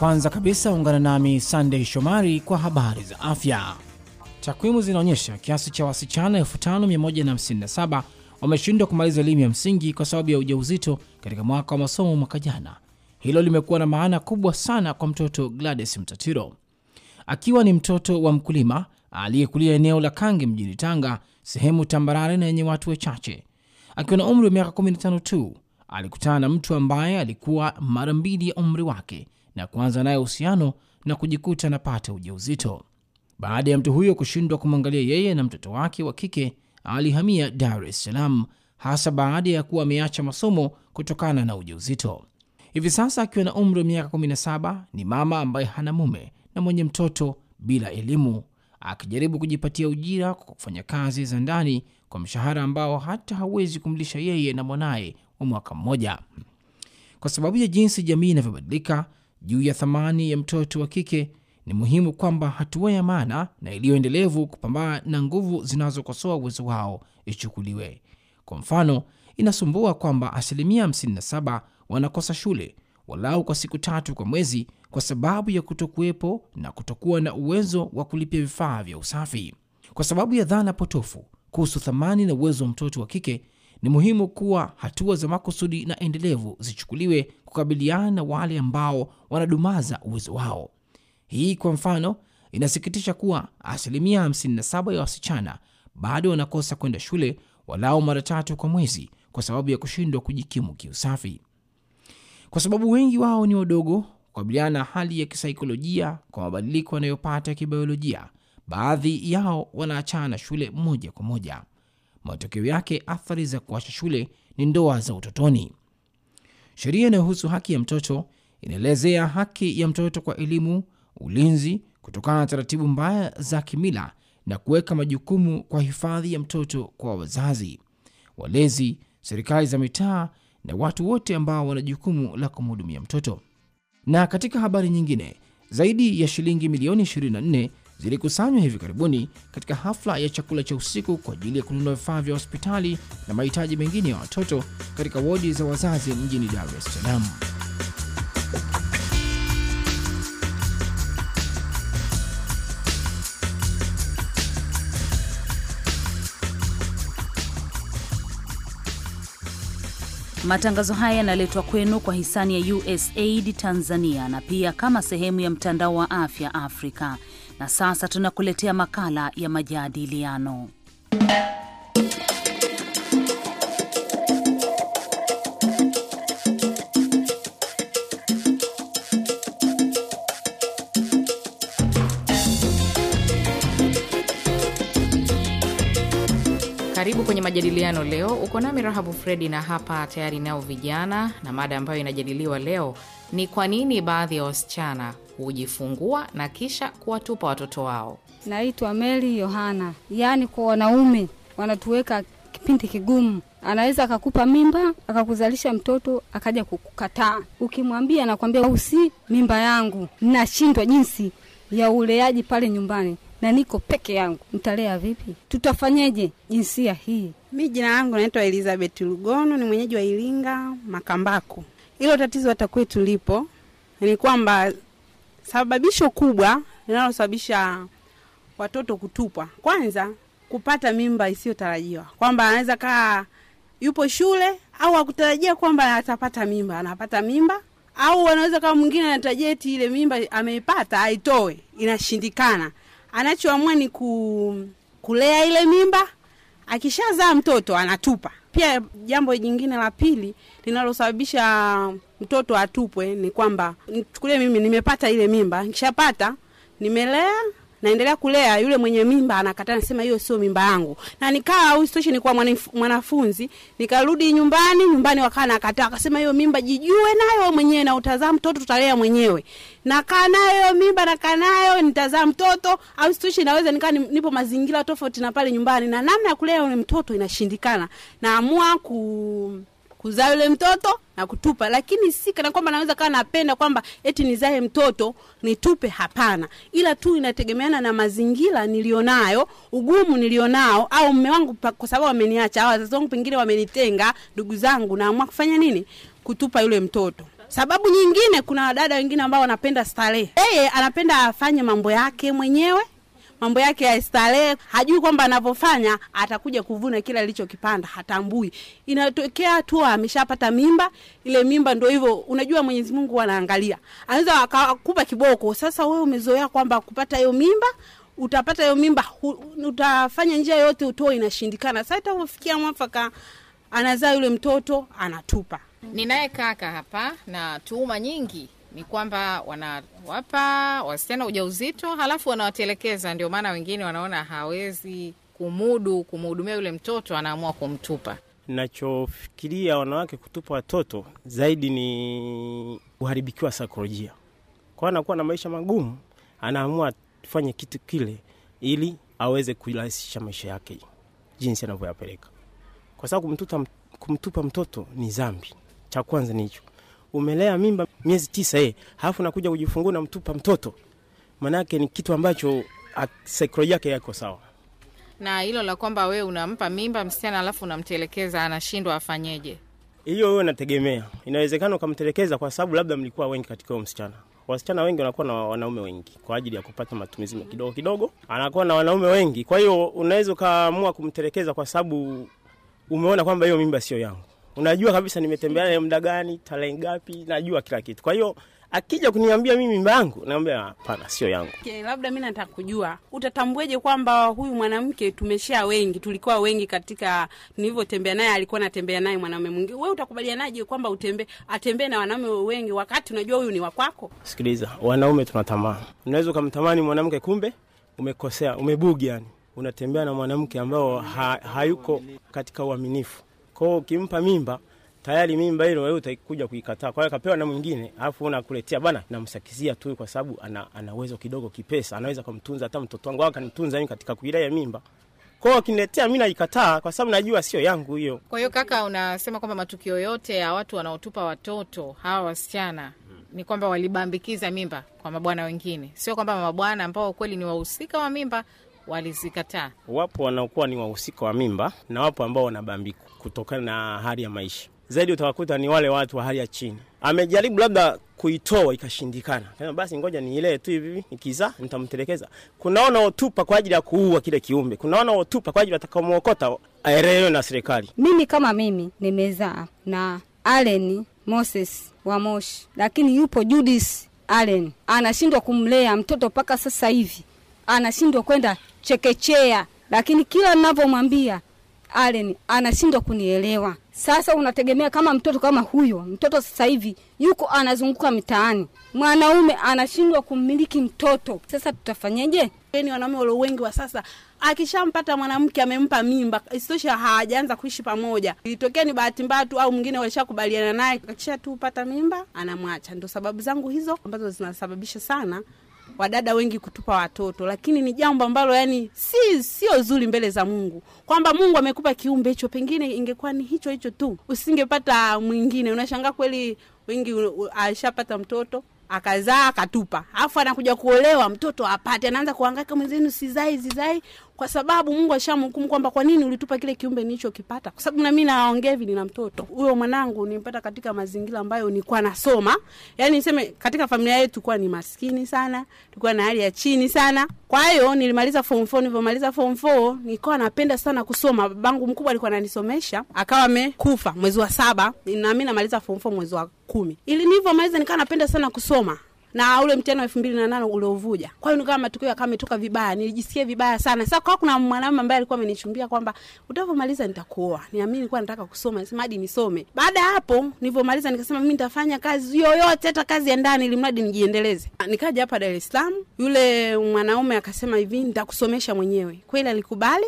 Kwanza kabisa ungana nami Sandey Shomari kwa habari za afya. Takwimu zinaonyesha kiasi cha wasichana 5157 wameshindwa kumaliza elimu ya msingi kwa sababu ya ujauzito katika mwaka wa masomo mwaka jana. Hilo limekuwa na maana kubwa sana kwa mtoto Gladys Mtatiro. Akiwa ni mtoto wa mkulima aliyekulia eneo la Kange mjini Tanga, sehemu tambarare na yenye watu wachache, akiwa na umri wa miaka 15 tu alikutana na mtu ambaye alikuwa mara mbili ya umri wake na kuanza naye uhusiano na kujikuta anapata ujauzito. Baada ya mtu huyo kushindwa kumwangalia yeye na mtoto wake wa kike, alihamia Dar es Salaam, hasa baada ya kuwa ameacha masomo kutokana na ujauzito. Hivi sasa akiwa na umri wa miaka 17, ni mama ambaye hana mume na mwenye mtoto bila elimu, akijaribu kujipatia ujira kwa kufanya kazi za ndani kwa mshahara ambao hata hawezi kumlisha yeye na mwanaye wa mwaka mmoja. Kwa sababu ya jinsi jamii inavyobadilika, juu ya thamani ya mtoto wa kike, ni muhimu kwamba hatua ya maana na iliyoendelevu kupambana na nguvu zinazokosoa uwezo wao ichukuliwe. Kwa mfano, inasumbua kwamba asilimia 57 wanakosa shule walau kwa siku tatu kwa mwezi kwa sababu ya kutokuwepo na kutokuwa na uwezo wa kulipia vifaa vya usafi. Kwa sababu ya dhana potofu kuhusu thamani na uwezo wa mtoto wa kike, ni muhimu kuwa hatua za makusudi na endelevu zichukuliwe kukabiliana na wale ambao wanadumaza uwezo wao. Hii kwa mfano, inasikitisha kuwa asilimia 57 ya wasichana bado wanakosa kwenda shule walao mara tatu kwa mwezi kwa sababu ya kushindwa kujikimu kiusafi. Kwa sababu wengi wao ni wadogo, kukabiliana na hali ya kisaikolojia kwa mabadiliko yanayopata ya kibiolojia, baadhi yao wanaachana shule moja kwa moja matokeo yake athari za kuacha shule ni ndoa za utotoni. Sheria inayohusu haki ya mtoto inaelezea haki ya mtoto kwa elimu, ulinzi kutokana na taratibu mbaya za kimila na kuweka majukumu kwa hifadhi ya mtoto kwa wazazi, walezi, serikali za mitaa na watu wote ambao wana jukumu la kumhudumia mtoto. Na katika habari nyingine, zaidi ya shilingi milioni 24 zilikusanywa hivi karibuni katika hafla ya chakula cha usiku kwa ajili ya kununua vifaa vya hospitali na mahitaji mengine ya watoto katika wodi za wazazi mjini Dar es Salaam. Matangazo haya yanaletwa kwenu kwa hisani ya USAID Tanzania na pia kama sehemu ya mtandao wa afya Afrika na sasa tunakuletea makala ya majadiliano. Karibu kwenye majadiliano leo. Uko nami Rahabu Fredi na hapa tayari nao vijana, na mada ambayo inajadiliwa leo ni kwa nini baadhi ya wasichana hujifungua na kisha kuwatupa watoto wao. Naitwa Meli Yohana. Yaani kwa wanaume wanatuweka kipindi kigumu. Anaweza akakupa mimba akakuzalisha mtoto akaja kukukataa, ukimwambia anakwambia usi mimba yangu, nashindwa jinsi ya uleaji pale nyumbani na niko peke yangu, ntalea vipi? Tutafanyeje jinsia hii? Mi jina langu naitwa Elizabeth Lugono, ni mwenyeji wa Iringa Makambako. Hilo tatizo hata kwetu lipo, ni kwamba Sababisho kubwa linalosababisha watoto kutupwa, kwanza kupata mimba isiyotarajiwa, kwamba anaweza kaa yupo shule au akutarajia kwamba atapata mimba, anapata mimba au anaweza kama mwingine anatarajia eti ile mimba ameipata aitoe, inashindikana. Anachoamua ni ku, kulea ile mimba, akishazaa mtoto anatupa. Pia jambo jingine la pili linalosababisha mtoto atupwe ni kwamba, nichukulie mimi, nimepata ile mimba, nkishapata nimelea naendelea kulea, yule mwenye mimba anakataa, nasema hiyo sio mimba yangu. Na nikawa usitoshi, nilikuwa mwanafunzi, nikarudi nyumbani, nyumbani wakaa nakataa, akasema hiyo mimba jijue nayo wewe mwenyewe, na utazaa mtoto tutalea mwenyewe. Nakaa nayo hiyo mimba, nakaa nayo nitazaa mtoto, au sitoshi naweza nikaa nipo mazingira tofauti na pale nyumbani, na namna ya kulea yule mtoto inashindikana, naamua ku kuzaa yule mtoto na kutupa, lakini si kana kwamba naweza kaa napenda kwamba eti nizae mtoto nitupe, hapana, ila tu inategemeana na mazingira nilionayo, ugumu nilionao, au mme wangu, kwa sababu wameniacha, au wazazi wangu pengine wamenitenga, ndugu zangu, naamua kufanya nini? Kutupa yule mtoto. Sababu nyingine, kuna wadada wengine ambao wanapenda starehe, yeye anapenda afanye mambo yake mwenyewe mambo yake ya hajui kwamba anavyofanya atakuja kuvuna kile alichokipanda, hatambui. Inatokea tu ameshapata mimba, ile mimba ndio hivyo. Unajua Mwenyezi Mungu anaangalia, anaweza akakupa kiboko. Sasa wewe umezoea kwamba kupata hiyo mimba utapata hiyo mimba, utafanya njia yote utoe, inashindikana. Sasa itafikia mwafaka, anazaa yule mtoto, anatupa. Ninaye kaka hapa na tuuma nyingi ni kwamba wanawapa wasichana ujauzito halafu wanawatelekeza. Ndio maana wengine wanaona hawezi kumudu kumhudumia yule mtoto, anaamua kumtupa. Nachofikiria wanawake kutupa watoto zaidi ni uharibikiwa sikolojia kwao anakuwa na maisha magumu, anaamua tufanye kitu kile ili aweze kurahisisha maisha yake jinsi anavyoyapeleka, kwa sababu kumtupa mtoto ni zambi Cha kwanza ni hicho umelea mimba miezi tisa eh, halafu nakuja kujifungua na mtupa mtoto, manake ni kitu ambacho ah, saikolojia yake yako sawa. Na hilo la kwamba wewe unampa mimba msichana alafu unamtelekeza anashindwa afanyeje, hiyo wewe unategemea. Inawezekana ukamtelekeza kwa sababu labda mlikuwa wengi katika huyo msichana wasichana wengi wanakuwa na wanaume wengi kwa ajili ya kupata matumizi kidogo kidogo, anakuwa na wanaume wengi. Kwa hiyo unaweza ukaamua kumtelekeza kwa sababu umeona kwamba hiyo mimba sio yangu unajua kabisa nimetembea naye muda gani, tarehe ngapi, najua kila kitu. Kwa hiyo akija kuniambia mimi mimba yangu, naambia hapana, sio yangu. Okay, labda mi nataka kujua utatambueje kwamba huyu mwanamke tumesha wengi, tulikuwa wengi katika nilivyotembea naye, alikuwa natembea naye mwanaume mwingine. Wewe utakubalianaje kwamba utembe atembee na wanaume wengi wakati unajua huyu ni wakwako? Sikiliza, wanaume tuna tamaa. unaweza ukamtamani mwanamke, kumbe umekosea, umebugi, yani unatembea na mwanamke ambao ha, hayuko katika uaminifu Kwao ukimpa mimba tayari mimba hilo wewe utakuja kuikataa. Kwa hiyo akapewa na mwingine, alafu unakuletea bana, namsakizia tu kwa sababu ana, ana uwezo kidogo kipesa, anaweza kumtunza hata mtoto wangu au mimi katika kuilea ya mimba. Kwa hiyo akiniletea mimi naikataa kwa sababu najua sio yangu hiyo. Kwa hiyo kaka, unasema kwamba matukio yote ya watu wanaotupa watoto hawa wasichana ni kwamba walibambikiza mimba kwa mabwana wengine, sio kwamba mabwana ambao kweli ni wahusika wa mimba walizikataa. Wapo wanaokuwa ni wahusika wa mimba na wapo ambao wanabambika kutokana na hali ya maisha. Zaidi utawakuta ni wale watu wa hali ya chini, amejaribu labda kuitoa ikashindikana, kama basi ngoja niilee tu hivi, nikizaa nitamtelekeza. Kuna wanaotupa kwa ajili ya kuua kile kiumbe, kuna wanaotupa kwa ajili watakamuokota aelewe na serikali. Mimi kama mimi nimezaa na Allen Moses wa Moshi, lakini yupo Judith Allen anashindwa kumlea mtoto mpaka sasa hivi, anashindwa kwenda chekechea, lakini kila ninavyomwambia Allen anashindwa kunielewa. Sasa unategemea kama mtoto kama huyo, mtoto sasa hivi yuko anazunguka mitaani, mwanaume anashindwa kumiliki mtoto, sasa tutafanyaje? Yaani wanaume walio wengi wa sasa, akishampata mwanamke amempa mimba, isitoshe hawajaanza kuishi pamoja, ilitokea ni bahati mbaya tu, au mwingine walishakubaliana naye, akisha tu pata mimba anamwacha. Ndo sababu zangu hizo ambazo zinasababisha sana wadada wengi kutupa watoto, lakini ni jambo ambalo yani si sio zuri mbele za Mungu, kwamba Mungu amekupa kiumbe hicho, pengine ingekuwa ni hicho hicho tu, usingepata mwingine. Unashangaa kweli, wengi alishapata mtoto akazaa akatupa, afu anakuja kuolewa mtoto apate, anaanza kuhangaika mwenzenu, sizai sizai, kwa sababu Mungu ashamhukumu kwamba kwa nini ulitupa kile kiumbe nilichokipata. Kwa sababu na mimi naongea hivi, nina mtoto huyo mwanangu nimpata katika mazingira ambayo nilikuwa nasoma, yani niseme katika familia yetu kwa ni maskini sana, tulikuwa na hali ya chini sana. Kwa hiyo nilimaliza form 4, nilipomaliza form 4 nilikuwa napenda sana kusoma. Babangu mkubwa alikuwa ananisomesha, akawa amekufa mwezi wa saba, na mimi namaliza form 4 mwezi wa kumi. Ili nilivyomaliza nikawa napenda sana kusoma na ule mtihani wa elfu mbili na nane uliovuja. Kwa hiyo nikawa matokeo yakawa ametoka vibaya, nilijisikia vibaya sana. Sasa kwa kuna mwanamume ambaye alikuwa amenichumbia kwamba utavomaliza nitakuoa, niamini. Nilikuwa nataka kusoma, nasema hadi nisome. Baada ya hapo nilivyomaliza, nikasema mimi nitafanya kazi yoyote, hata kazi ya ndani, ili mradi nijiendeleze. Nikaja hapa Dar es Salaam, yule mwanaume akasema hivi, nitakusomesha mwenyewe. Kweli alikubali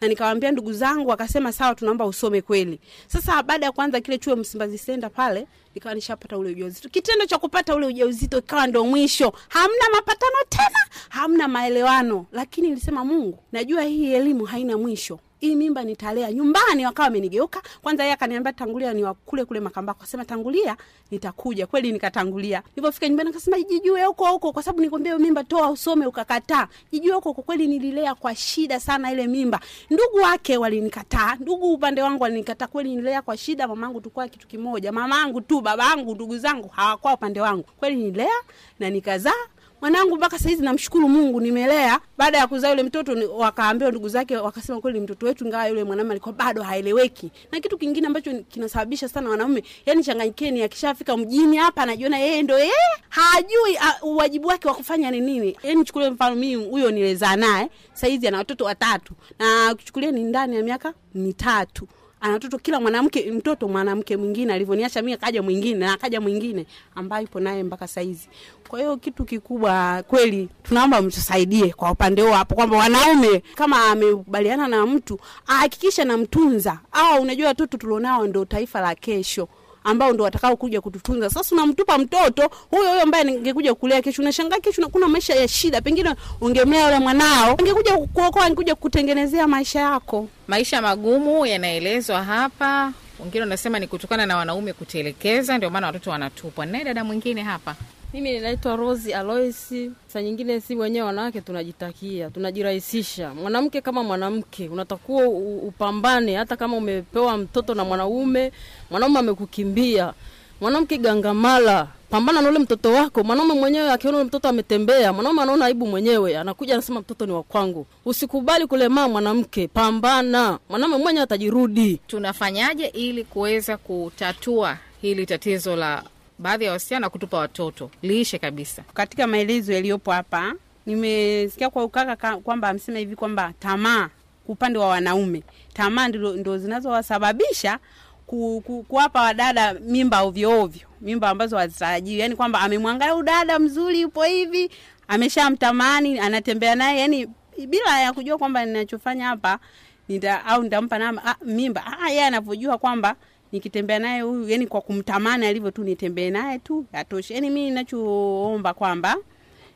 na nikawaambia ndugu zangu, akasema sawa, tunaomba usome kweli. Sasa baada ya kwanza kile chuo Msimbazi Senda pale, nikawa nishapata ule ujauzito. Kitendo cha kupata ule ujauzito ikawa ndo mwisho, hamna mapatano tena, hamna maelewano, lakini nilisema Mungu, najua hii elimu haina mwisho hii mimba nitalea nyumbani. Wakawa wamenigeuka kwanza, yeye akaniambia tangulia ni wakule kule Makambako, akasema tangulia nitakuja. Kweli nikatangulia, nilipofika nyumbani akasema jijue huko huko, kwa sababu nikwambia hiyo mimba toa usome ukakataa, jijue huko huko. Kweli nililea kwa shida sana ile mimba. Ndugu wake walinikataa, ndugu upande wangu walinikataa, kweli nililea kwa shida. Mamangu tukua kitu kimoja, mamangu tu, babangu, ndugu zangu hawakuwa upande wangu. Kweli nililea na nikazaa mwanangu mpaka sahizi namshukuru Mungu, nimelea. Baada ya kuzaa yule mtoto, wakaambiwa ndugu zake, wakasema kweli mtoto wetu, ingawa yule mwanaume alikuwa bado haeleweki. Na kitu kingine ambacho kinasababisha sana wanaume, yani changanyikeni, akishafika mjini hapa anajiona yeye ndo ye, hajui uwajibu wake wa kufanya ni nini. Yani chukulie mfano mimi, huyo nilezaa naye sahizi ana watoto watatu, na kuchukulia ni ndani ya miaka mitatu ana watoto, kila mwanamke mtoto mwanamke mwingine alivyoniacha mimi, akaja mwingine na akaja mwingine ambaye yupo naye mpaka saizi. Kwa hiyo kitu kikubwa kweli, tunaomba mtusaidie kwa upande huo hapo, kwamba wanaume kama amekubaliana na mtu ahakikishe namtunza, au unajua watoto tulionao ndio taifa la kesho ambao ndo watakao kuja kututunza. Sasa unamtupa mtoto huyo huyo ambaye ningekuja kulea kesho, unashangaa kesho kuna maisha ya shida, pengine ungemlea yule mwanao angekuja kuokoa angekuja kutengenezea maisha yako. Maisha magumu yanaelezwa hapa, wengine wanasema ni kutokana na wanaume kutelekeza, ndio maana watoto wanatupwa. Naye dada mwingine hapa mimi ninaitwa Rose Alois. Saa nyingine si wenyewe wanawake tunajitakia, tunajirahisisha. Mwanamke kama mwanamke unatakuwa upambane, hata kama umepewa mtoto na mwanaume, mwanaume amekukimbia. Mwanamke gangamala, pambana na ule mtoto wako. Mwanaume mwenyewe akiona mtoto ametembea, mwanaume anaona aibu mwenyewe, anakuja anasema mtoto ni wa kwangu. Usikubali kulemaa mwanamke, pambana. Mwanaume mwenyewe atajirudi. Tunafanyaje ili kuweza kutatua hili tatizo la baadhi ya wasichana kutupa watoto liishe kabisa. Katika maelezo yaliyopo hapa, nimesikia kwa ukaka kwamba amesema hivi kwamba tamaa upande wa wanaume, tamaa ndo, ndo zinazowasababisha ku, ku, kuwapa wadada mimba ovyoovyo mimba ambazo hazitarajiwi. Yani kwamba amemwangalia udada mzuri, yupo hivi, ameshamtamani, anatembea naye, yani bila ya kujua kwamba ninachofanya hapa nita au nitampa na, ah, mimba ah, yeye anavyojua kwamba nikitembea naye huyu, yani kwa kumtamani alivyo tu nitembee naye tu atoshe Yani mimi ninachoomba kwamba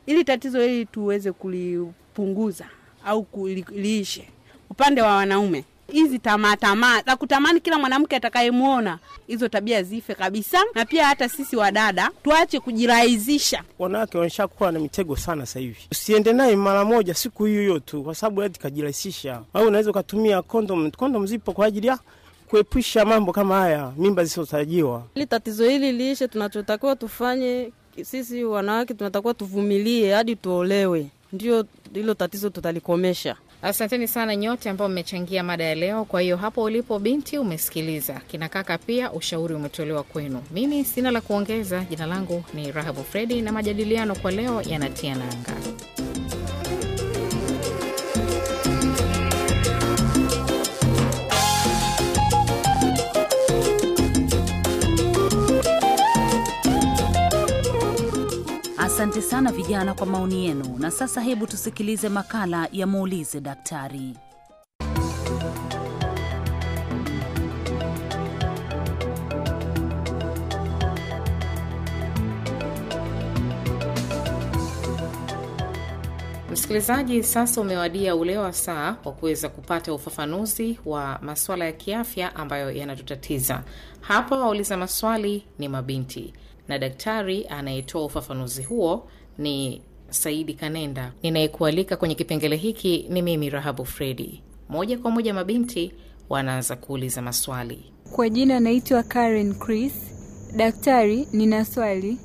ili tatizo hili tuweze kulipunguza au kuliishe upande wa wanaume hizi tamaa tamaa za kutamani kila mwanamke atakayemwona, hizo tabia zife kabisa. Na pia hata sisi wadada tuache kujirahizisha Wanawake wameshakuwa na mitego sana sasa hivi. Usiende naye mara moja siku hiyo hiyo tu, kwa sababu ati kajirahisisha. Au unaweza ukatumia kondom. Kondom zipo kwa ajili ya kuepusha mambo kama haya, mimba zisizotarajiwa. Ili tatizo hili liishe, tunachotakiwa tufanye sisi wanawake, tunatakiwa tuvumilie hadi tuolewe, ndio hilo tatizo tutalikomesha. Asanteni sana nyote ambao mmechangia mada ya leo. Kwa hiyo hapo ulipo binti, umesikiliza kinakaka, pia ushauri umetolewa kwenu. Mimi sina la kuongeza. Jina langu ni Rahabu Fredi, na majadiliano kwa leo yanatia nanga. Asante sana vijana kwa maoni yenu. Na sasa hebu tusikilize makala ya muulize daktari. Msikilizaji, sasa umewadia ule wa saa wa kuweza kupata ufafanuzi wa maswala ya kiafya ambayo yanatutatiza hapa. Wauliza maswali ni mabinti na daktari anayetoa ufafanuzi huo ni Saidi Kanenda. Ninayekualika kwenye kipengele hiki ni mimi Rahabu Fredi. Moja kwa moja, mabinti wanaanza kuuliza maswali. Kwa jina anaitwa Karen Chris. Daktari, nina swali.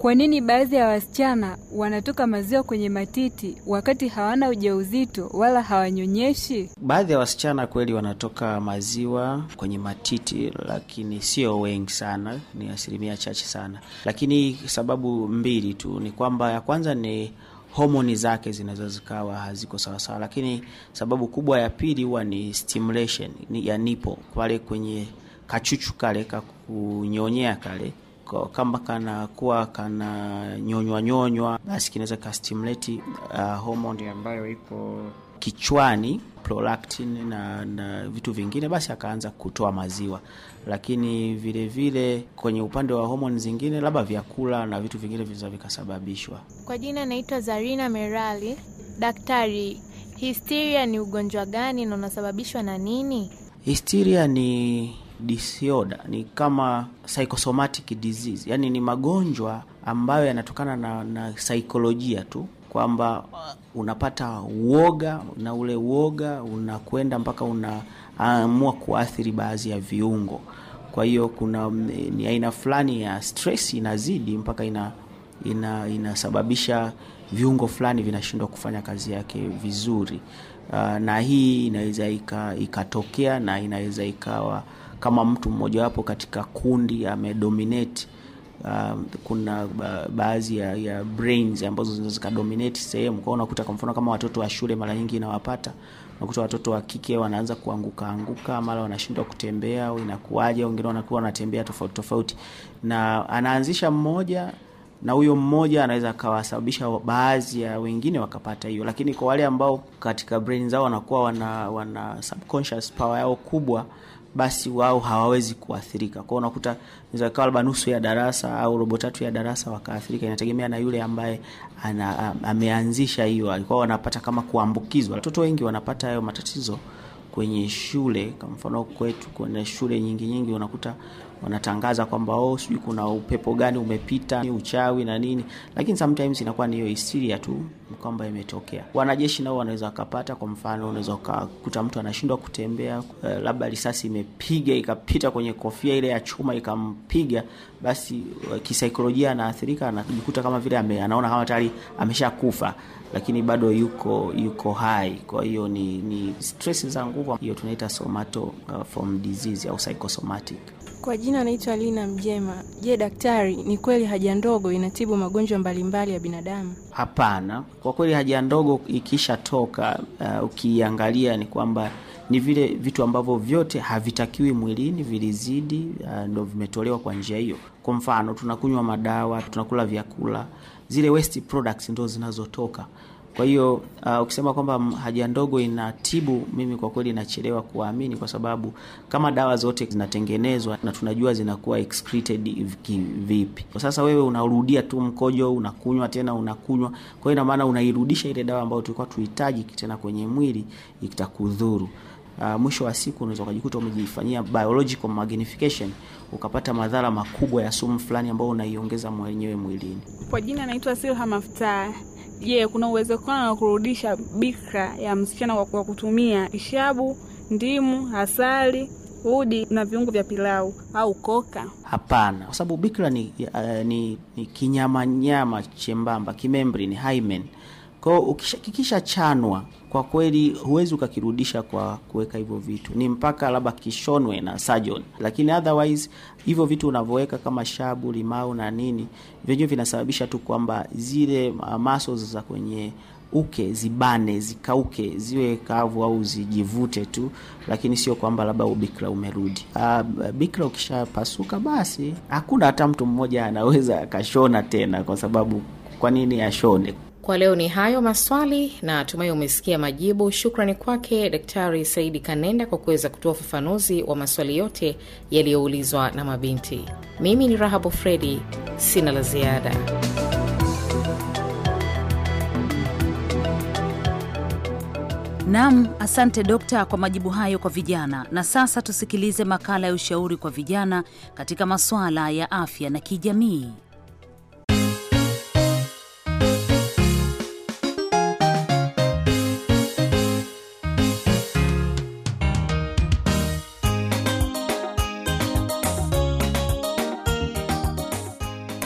Kwa nini baadhi ya wasichana wanatoka maziwa kwenye matiti wakati hawana ujauzito wala hawanyonyeshi? Baadhi ya wasichana kweli wanatoka maziwa kwenye matiti, lakini sio wengi sana, ni asilimia chache sana, lakini sababu mbili tu ni kwamba ya kwanza ni homoni zake zinaweza zikawa haziko sawasawa, lakini sababu kubwa ya pili huwa ni stimulation ya nipo pale kwenye kachuchu kale kakunyonyea kale kama kanakuwa kana nyonywa nyonywa, basi kinaweza stimulate uh, hormone ambayo iko kichwani prolactin na, na vitu vingine, basi akaanza kutoa maziwa. Lakini vile vile kwenye upande wa homoni zingine, labda vyakula na vitu vingine vinaweza vikasababishwa. Kwa jina naitwa Zarina Merali. Daktari, histeria ni ugonjwa gani na unasababishwa na nini? Histeria ni disorder ni kama psychosomatic disease, yani ni magonjwa ambayo yanatokana na, na saikolojia tu kwamba uh, unapata uoga na ule uoga unakwenda mpaka unaamua kuathiri baadhi ya viungo. Kwa hiyo kuna mm, ni aina fulani ya stress inazidi mpaka ina inasababisha viungo fulani vinashindwa kufanya kazi yake vizuri. Uh, na hii inaweza ikatokea na inaweza ikawa kama mtu mmojawapo katika kundi amedominate Uh, um, kuna ba baadhi ya, ya brains ambazo zinaweza zikadominate sehemu kwao. Unakuta kwa mfano kama watoto wa shule mara nyingi inawapata, unakuta watoto wa kike wanaanza kuanguka anguka, mara wanashindwa kutembea au inakuaje, wengine wanakuwa wanatembea tofauti tofauti, na anaanzisha mmoja na huyo mmoja anaweza akawasababisha baadhi ya wengine wakapata hiyo, lakini kwa wale ambao katika brain zao wanakuwa wana, wana subconscious power yao kubwa basi wao hawawezi kuathirika. Kwa unakuta inaweza kuwa labda nusu ya darasa au robo tatu ya darasa wakaathirika, inategemea na yule ambaye ana, ameanzisha hiyo, alikuwa wanapata kama kuambukizwa. Watoto wengi wanapata hayo matatizo kwenye shule. Kwa mfano kwetu, kwenye shule nyingi nyingi unakuta wanatangaza kwamba oh, sijui kuna upepo gani umepita, ni uchawi na nini, lakini sometimes inakuwa ni hiyo hysteria tu kwamba imetokea. Wanajeshi nao wanaweza wakapata. Kwa mfano, unaweza ukakuta mtu anashindwa kutembea, uh, labda risasi imepiga ikapita kwenye kofia ile ya chuma ikampiga, basi uh, kisaikolojia anaathirika, anajikuta kama vile ame, anaona kama tayari ameshakufa, lakini bado yuko yuko hai. Kwa hiyo ni, ni stress za nguvu, hiyo tunaita somato uh, from disease au psychosomatic kwa jina anaitwa Lina Mjema. Je, daktari, ni kweli haja ndogo inatibu magonjwa mbalimbali ya binadamu? Hapana, kwa kweli haja ndogo ikishatoka, uh, ukiangalia ni kwamba ni vile vitu ambavyo vyote havitakiwi mwilini vilizidi, uh, ndo vimetolewa kwa njia hiyo. Kwa mfano, tunakunywa madawa, tunakula vyakula, zile waste products ndo zinazotoka kwa hiyo uh, ukisema kwamba haja ndogo inatibu, mimi kwa kweli nachelewa kuwaamini kwa sababu kama dawa zote zinatengenezwa na tunajua zinakuwa vipi. Kwa sasa wewe unarudia tu mkojo, unakunywa tena unakunywa, kwa hiyo inamaana unairudisha ile dawa ambayo tulikuwa tuhitaji tena kwenye mwili itakudhuru. Uh, mwisho wa siku unaweza ukajikuta umejifanyia biological magnification ukapata madhara makubwa ya sumu fulani ambayo unaiongeza mwenyewe mwilini. Kwa jina naitwa Silha Maftaa. Je, yeah, kuna uwezekano wa kurudisha bikra ya msichana kwa kutumia ishabu, ndimu, asali udi na viungo vya pilau au koka? Hapana, kwa sababu bikra ni, uh, ni, ni kinyamanyama chembamba, kimembrini hymen kwa ukishakikisha chanwa kwa kweli huwezi ukakirudisha kwa kuweka hivyo vitu, ni mpaka labda kishonwe na surgeon, lakini otherwise hivyo vitu unavyoweka kama shabu, limau na nini, vyenyewe vinasababisha tu kwamba zile uh, muscles za kwenye uke zibane, zikauke, ziwe kavu au zijivute tu, lakini sio kwamba labda ubikra umerudi. Uh, bikra ukishapasuka, basi hakuna hata mtu mmoja anaweza akashona tena, kwa sababu kwa nini ashone? Kwa leo ni hayo maswali na tumai umesikia majibu. Shukrani kwake Daktari Saidi Kanenda kwa kuweza kutoa ufafanuzi wa maswali yote yaliyoulizwa na mabinti. Mimi ni Rahabu Fredi, sina la ziada. Nam, asante dokta, kwa majibu hayo kwa vijana. Na sasa tusikilize makala ya ushauri kwa vijana katika masuala ya afya na kijamii.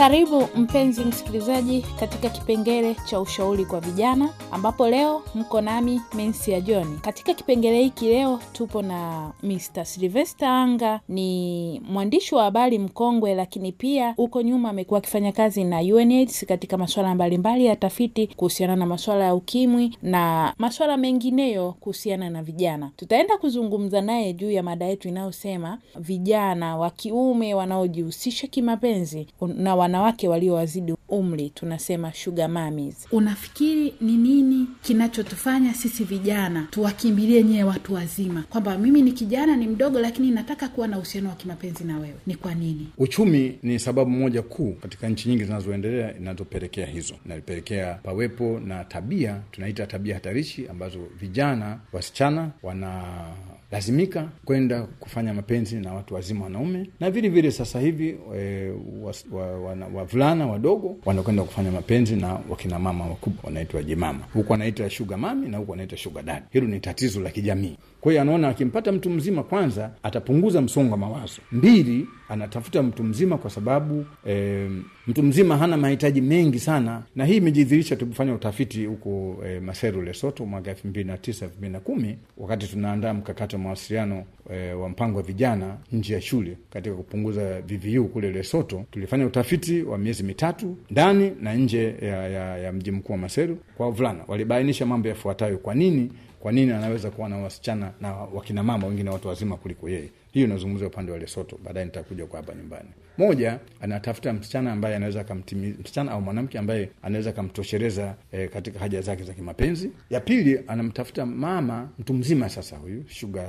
Karibu mpenzi msikilizaji katika kipengele cha ushauri kwa vijana, ambapo leo mko nami ya John. Katika kipengele hiki leo tupo na Mr. Silvester Anga, ni mwandishi wa habari mkongwe, lakini pia huko nyuma amekuwa akifanya kazi na UNAIDS katika masuala mbalimbali ya tafiti kuhusiana na masuala ya ukimwi na masuala mengineyo kuhusiana na vijana. Tutaenda kuzungumza naye juu ya mada yetu inayosema vijana wa kiume wanaojihusisha kimapenzi na wana wanawake waliowazidi umri, tunasema shuga mamis. Unafikiri ni nini kinachotufanya sisi vijana tuwakimbilie nyewe watu wazima, kwamba mimi ni kijana, ni mdogo, lakini nataka kuwa na uhusiano wa kimapenzi na wewe? Ni kwa nini? Uchumi ni sababu moja kuu katika nchi nyingi zinazoendelea inazopelekea hizo, inapelekea pawepo na tabia tunaita tabia hatarishi ambazo vijana wasichana wana lazimika kwenda kufanya mapenzi na watu wazima wanaume, na vile vile sasa hivi e, wavulana wa, wa, wadogo wanakwenda kufanya mapenzi na wakinamama wakubwa, wanaitwa jemama, huku wanaita shuga mami na huku wanaita shuga dadi. Hilo ni tatizo la kijamii. Kwa hiyo anaona akimpata mtu mzima, kwanza atapunguza msongo wa mawazo, mbili anatafuta mtu mzima kwa sababu e, mtu mzima hana mahitaji mengi sana, na hii imejidhihirisha. tufanya utafiti huko e, Maseru, Lesoto mwaka elfu mbili na tisa elfu mbili na kumi wakati tunaandaa mkakati wa mawasiliano e, wa mpango wa vijana nje ya shule katika kupunguza VVU kule Lesoto. Tulifanya utafiti wa miezi mitatu ndani na nje ya, ya, ya mji mkuu wa Maseru kwa wavulana, walibainisha mambo yafuatayo: kwa nini kwa nini anaweza kuwa na wasichana na wakinamama wengine watu wazima kuliko yeye. Hiyo inazungumzia upande wa Lesoto, baadaye nitakuja kwa hapa nyumbani. Moja, anatafuta msichana ambaye anaweza msichana au mwanamke ambaye anaweza akamtoshereza e, eh, katika haja zake za kimapenzi. Ya pili, anamtafuta mama mtu mzima, sasa huyu shuga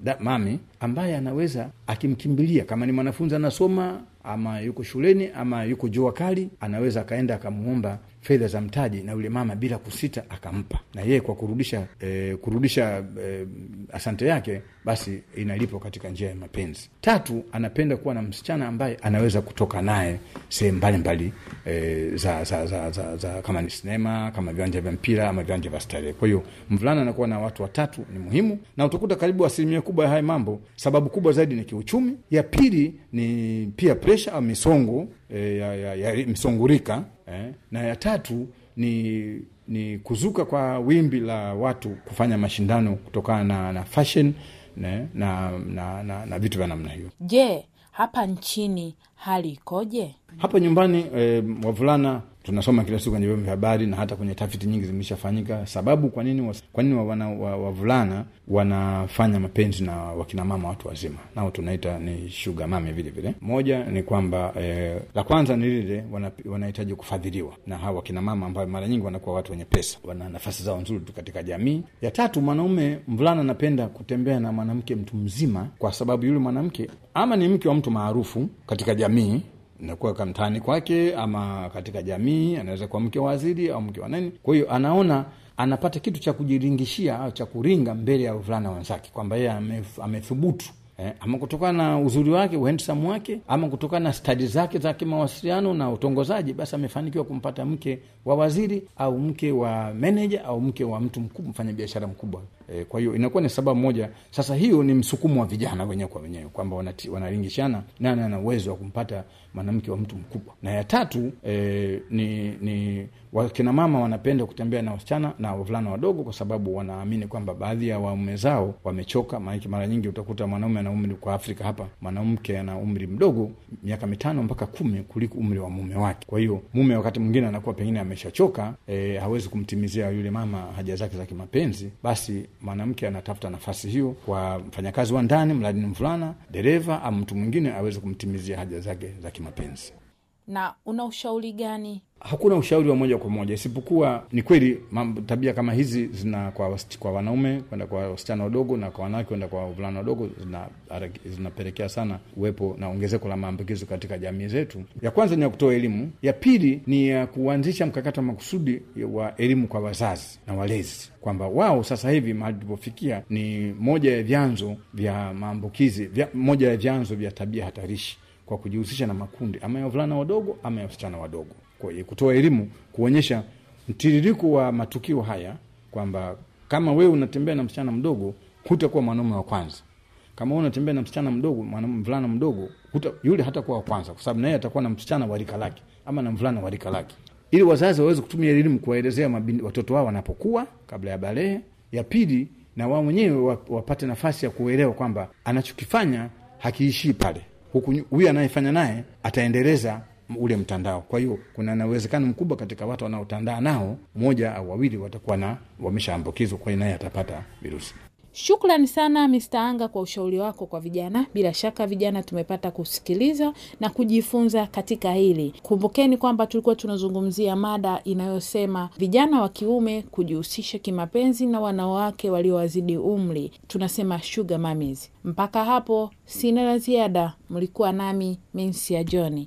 da, mami ambaye anaweza akimkimbilia, kama ni mwanafunzi anasoma ama yuko shuleni ama yuko jua kali, anaweza akaenda akamuomba fedha za mtaji na yule mama bila kusita akampa, na yeye kwa kurudisha e, kurudisha e, asante yake, basi inalipwa katika njia ya mapenzi. Tatu, anapenda kuwa na msichana ambaye anaweza kutoka naye sehemu mbalimbali e, za, za, za, za, za kama ni sinema, kama viwanja vya mpira ama viwanja vya starehe. Kwa hiyo mvulana anakuwa na watu watatu ni muhimu, na utakuta karibu asilimia kubwa ya haya mambo, sababu kubwa zaidi ni kiuchumi, ya pili ni pia pre kurejesha misongo e, eh, ya, ya, ya misongurika e, eh, na ya tatu ni ni kuzuka kwa wimbi la watu kufanya mashindano kutokana na, na fashion ne, na, na, na, na vitu vya namna hiyo. Je, hapa nchini hali ikoje? Hapa nyumbani e, wavulana tunasoma kila siku kwenye vyombo vya habari na hata kwenye tafiti nyingi zimeshafanyika, sababu kwa nini kwa nini wa, wa wanafanya mapenzi na wakinamama watu wazima, nao tunaita ni shuga mame vile vile. Moja ni kwamba eh, la kwanza ni lile wanahitaji wana kufadhiliwa na hawa wakinamama ambayo mara nyingi wanakuwa watu wenye pesa, wana nafasi zao nzuri tu katika jamii. Ya tatu, mwanaume mvulana anapenda kutembea na mwanamke mtu mzima, kwa sababu yule mwanamke ama ni mke wa mtu maarufu katika jamii inakuwa kamtaani kwake ama katika jamii, anaweza kuwa mke wa waziri au mke wa nani. Kwa hiyo anaona anapata kitu cha kujiringishia au cha kuringa mbele ya wavulana wenzake kwamba yeye amethubutu Eh, ama kutokana na uzuri wake uhendsam wake ama kutokana na stadi zake za kimawasiliano na utongozaji, basi amefanikiwa kumpata mke wa waziri au mke wa meneja au mke wa mtu mkubwa, mfanyabiashara mkubwa. E, kwa hiyo inakuwa ni sababu moja. Sasa hiyo ni msukumo wa vijana wenyewe kwa wenyewe kwamba wanaringishana nani ana uwezo wa kumpata mwanamke wa mtu mkubwa. Na ya tatu e, ni, ni wakinamama wanapenda kutembea na wasichana na wavulana wadogo, kwa sababu wanaamini kwamba baadhi ya waume zao wamechoka. Maanake mara nyingi utakuta mwanaume ana umri, kwa Afrika hapa mwanamke ana umri mdogo, miaka mitano mpaka kumi kuliko umri wa mume wake. Kwa hiyo mume wakati mwingine anakuwa pengine ameshachoka, e, hawezi kumtimizia yule mama haja zake za kimapenzi, basi mwanamke anatafuta nafasi hiyo kwa mfanyakazi wa ndani, mradi ni mvulana, dereva au mtu mwingine aweze kumtimizia haja zake za kimapenzi. Na una ushauri gani hakuna ushauri wa moja kwa moja, isipokuwa ni kweli tabia kama hizi zina kwa, kwa wanaume kwenda kwa wasichana wadogo na kwa wanawake kwenda kwa wavulana wadogo zinapelekea zina sana uwepo na ongezeko la maambukizo katika jamii zetu. Ya kwanza ni ya kutoa elimu, ya pili ni ya kuanzisha mkakati wa makusudi wa elimu kwa wazazi na walezi kwamba wao sasa hivi mahali tulipofikia ni moja ya vyanzo vya maambukizi vya, moja ya vyanzo vya tabia hatarishi kwa kujihusisha na makundi ama ya wavulana wadogo ama ya wasichana wadogo kutoa elimu, kuonyesha mtiririko wa matukio haya, kwamba kama wewe unatembea na msichana mdogo hutakuwa mwanaume wa kwanza. Kama wewe unatembea na msichana mdogo, mvulana mdogo, huta, yule hatakuwa wa kwanza, kwa sababu naye atakuwa na msichana wa rika lake ama na mvulana wa rika lake, ili wazazi waweze kutumia elimu kuwaelezea watoto wao wanapokuwa kabla ya balehe ya pili, na wao wenyewe wapate nafasi ya kuelewa kwamba anachokifanya hakiishii pale, huku huyu anayefanya naye ataendeleza ule mtandao. Kwa hiyo kuna na uwezekano mkubwa katika watu wanaotandaa nao, moja au wawili watakuwa na wameshaambukizwa, kwa hiyo naye atapata virusi. Shukrani sana Mr. Anga kwa ushauri wako kwa vijana. Bila shaka vijana tumepata kusikiliza na kujifunza katika hili. Kumbukeni kwamba tulikuwa tunazungumzia mada inayosema vijana wa kiume kujihusisha kimapenzi na wanawake waliowazidi umri, tunasema sugar mummies. Mpaka hapo sina la ziada, mlikuwa nami Minsia John.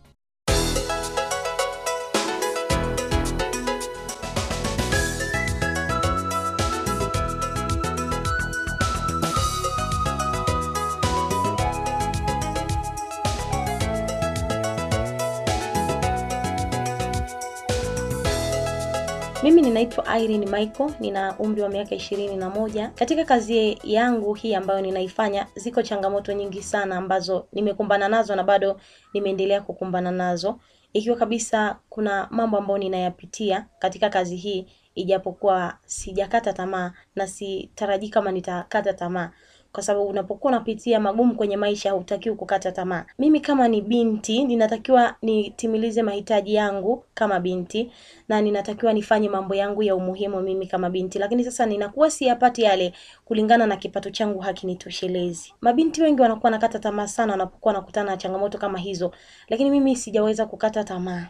ninaitwa Irene Michael, nina umri wa miaka ishirini na moja. Katika kazi yangu hii ambayo ninaifanya, ziko changamoto nyingi sana ambazo nimekumbana nazo na bado nimeendelea kukumbana nazo, ikiwa kabisa kuna mambo ambayo ninayapitia katika kazi hii, ijapokuwa sijakata tamaa na sitarajii kama nitakata tamaa kwa sababu unapokuwa unapitia magumu kwenye maisha hutakiwi kukata tamaa. Mimi kama ni binti ninatakiwa nitimilize mahitaji yangu kama binti na ninatakiwa nifanye mambo yangu ya umuhimu mimi kama binti, lakini sasa ninakuwa siyapati yale kulingana na kipato changu hakinitoshelezi. Mabinti wengi wanakuwa nakata tamaa sana wanapokuwa nakutana na changamoto kama hizo, lakini mimi sijaweza kukata tamaa.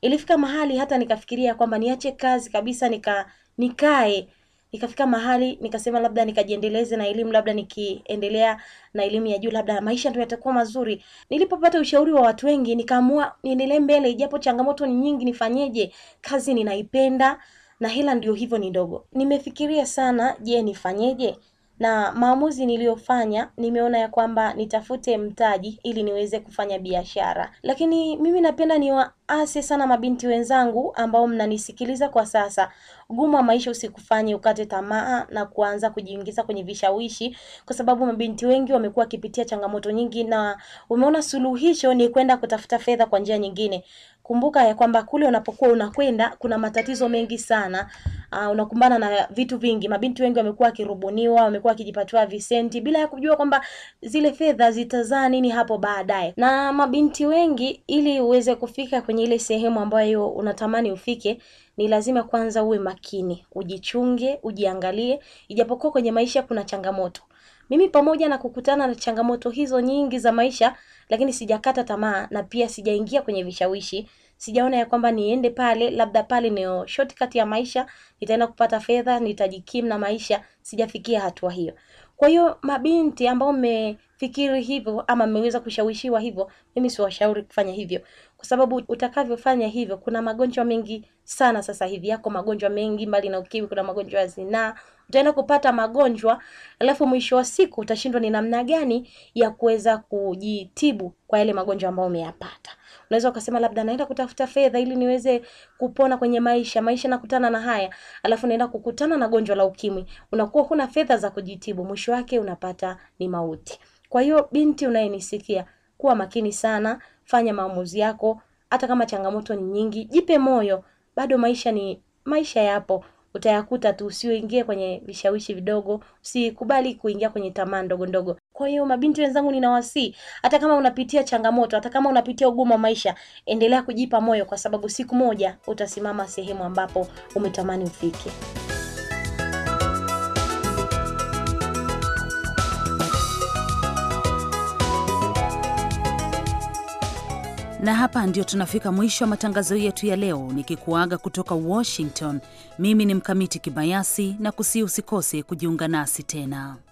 Ilifika mahali hata nikafikiria kwamba niache kazi kabisa, nika nikae Ikafika mahali nikasema labda nikajiendeleze na elimu, labda nikiendelea na elimu ya juu, labda maisha ndio yatakuwa mazuri. Nilipopata ushauri wa watu wengi, nikaamua niendelee mbele, ijapo changamoto ni nyingi, nifanyeje? Kazi ninaipenda na hela ndio hivyo ni ndogo. Nimefikiria sana, je, nifanyeje? na maamuzi niliyofanya, nimeona ya kwamba nitafute mtaji ili niweze kufanya biashara. Lakini mimi napenda niwaase sana mabinti wenzangu ambao mnanisikiliza kwa sasa, ugumu wa maisha usikufanye ukate tamaa na kuanza kujiingiza kwenye vishawishi, kwa sababu mabinti wengi wamekuwa wakipitia changamoto nyingi, na umeona suluhisho ni kwenda kutafuta fedha kwa njia nyingine. Kumbuka ya kwamba kule unapokuwa unakwenda kuna matatizo mengi sana uh, unakumbana na vitu vingi. Mabinti wengi wamekuwa wakirubuniwa, wamekuwa akijipatiwa visenti bila ya kujua kwamba zile fedha zitazaa nini hapo baadaye. Na mabinti wengi, ili uweze kufika kwenye ile sehemu ambayo unatamani ufike, ni lazima kwanza uwe makini, ujichunge, ujiangalie, ijapokuwa kwenye maisha kuna changamoto mimi pamoja na kukutana na changamoto hizo nyingi za maisha, lakini sijakata tamaa na pia sijaingia kwenye vishawishi sijaona ya kwamba niende pale, labda pale ni shortcut ya maisha, nitaenda kupata fedha, nitajikimu na maisha. Sijafikia hatua hiyo. Kwa hiyo mabinti ambao mmefikiri hivyo ama mmeweza kushawishiwa hivyo, mimi siwashauri kufanya hivyo, kwa sababu utakavyofanya hivyo, kuna magonjwa mengi sana sasa hivi yako magonjwa mengi, mbali na UKIMWI kuna magonjwa ya zinaa. Utaenda kupata magonjwa, alafu mwisho wa siku utashindwa ni namna gani ya kuweza kujitibu kwa yale magonjwa ambayo umeyapata unaweza ukasema labda naenda kutafuta fedha ili niweze kupona kwenye maisha, maisha nakutana na haya, alafu naenda kukutana na gonjwa la ukimwi, unakuwa huna fedha za kujitibu, mwisho wake unapata ni mauti. Kwa hiyo binti unayenisikia, kuwa makini sana, fanya maamuzi yako, hata kama changamoto ni nyingi, jipe moyo, bado maisha ni maisha, yapo utayakuta tu. Usiingie kwenye vishawishi vidogo, usikubali kuingia kwenye tamaa ndogo ndogo. Kwa hiyo mabinti wenzangu, ninawasii, hata kama unapitia changamoto, hata kama unapitia ugumu wa maisha, endelea kujipa moyo, kwa sababu siku moja utasimama sehemu ambapo umetamani ufike. Na hapa ndio tunafika mwisho wa matangazo yetu ya leo, nikikuaga kutoka Washington. Mimi ni Mkamiti Kibayasi na kusii usikose kujiunga nasi tena.